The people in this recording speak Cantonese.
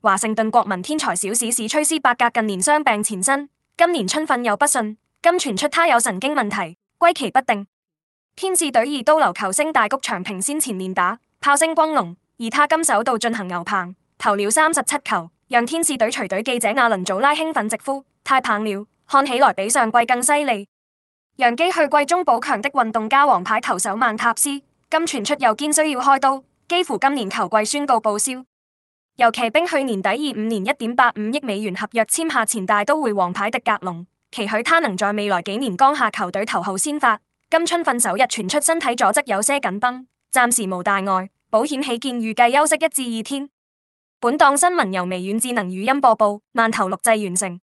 華盛頓國民天才小史史崔斯伯格近年傷病纏身，今年春訓又不順，今傳出他有神經問題，歸期不定。天使隊二刀流球星大谷翔平先前練打，炮聲轟隆，而他今首度進行牛棚，投了三十七球，讓天使隊隨隊記者阿倫祖拉興奮直呼：太棒了，看起來比上季更犀利。楊基去季中補強的運動家王牌投手曼塔斯，今傳出右肩需要開刀，幾乎今年球季宣告報銷。遊騎兵去年底以五年一點八五億美元合約簽下前大都會王牌迪格隆，期許他能在未來幾年扛下球隊頭號先發。今春訓首日傳出身體左側有些緊繃，暫時無大礙，保險起見預計休息一至二天。本檔新聞由微軟智能語音播報，慢投錄製完成。